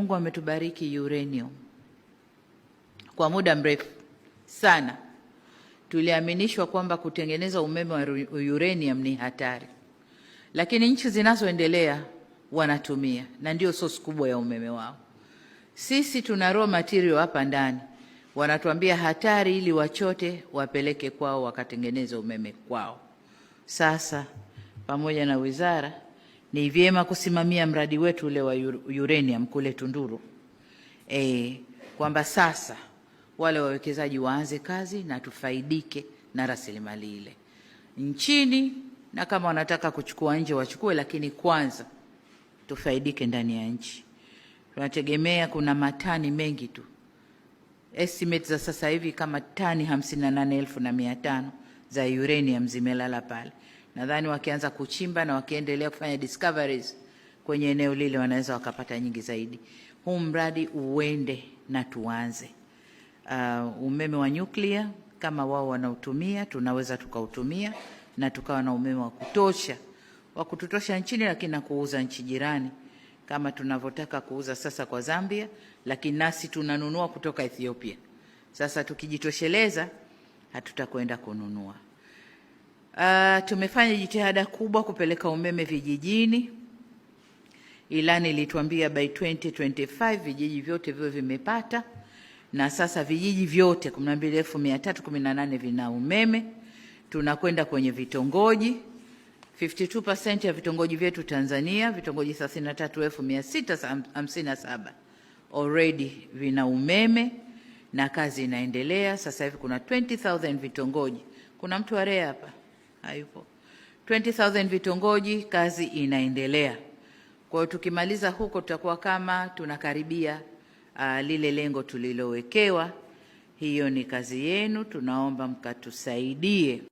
Mungu ametubariki uranium kwa muda mrefu sana. Tuliaminishwa kwamba kutengeneza umeme wa uranium ni hatari, lakini nchi zinazoendelea wanatumia na ndio sosi kubwa ya umeme wao. Sisi tuna raw material hapa ndani, wanatuambia hatari, ili wachote wapeleke kwao wakatengeneza umeme kwao. Sasa pamoja na wizara ni vyema kusimamia mradi wetu ule wa uranium kule Tunduru e, kwamba sasa wale wawekezaji waanze kazi na tufaidike na rasilimali ile nchini, na kama wanataka kuchukua nje wachukue, lakini kwanza tufaidike ndani ya nchi. Tunategemea kuna matani mengi tu, estimate za sasa hivi kama tani hamsini na nane elfu na mia tano za uranium zimelala pale. Nadhani wakianza kuchimba na wakiendelea kufanya discoveries kwenye eneo lile wanaweza wakapata nyingi zaidi. Huu mradi uende na tuanze. Uh, umeme wa nyuklia kama wao wanautumia, tunaweza tukautumia na tukawa na umeme wa kutosha wa kututosha nchini, lakini na kuuza nchi jirani kama tunavyotaka kuuza sasa kwa Zambia, lakini nasi tunanunua kutoka Ethiopia. Sasa tukijitosheleza hatutakwenda kununua. Uh, tumefanya jitihada kubwa kupeleka umeme vijijini. Ilani ilituambia by 2025 vijiji vyote viwe vimepata, na sasa vijiji vyote 12318 vina umeme. Tunakwenda kwenye vitongoji 52% ya vitongoji vyetu Tanzania, vitongoji 33657 already vina umeme na kazi inaendelea. Sasa hivi kuna 20000 vitongoji. Kuna mtu wa REA hapa? hayupo. 20,000 vitongoji, kazi inaendelea. Kwa hiyo tukimaliza huko tutakuwa kama tunakaribia uh, lile lengo tulilowekewa. Hiyo ni kazi yenu, tunaomba mkatusaidie.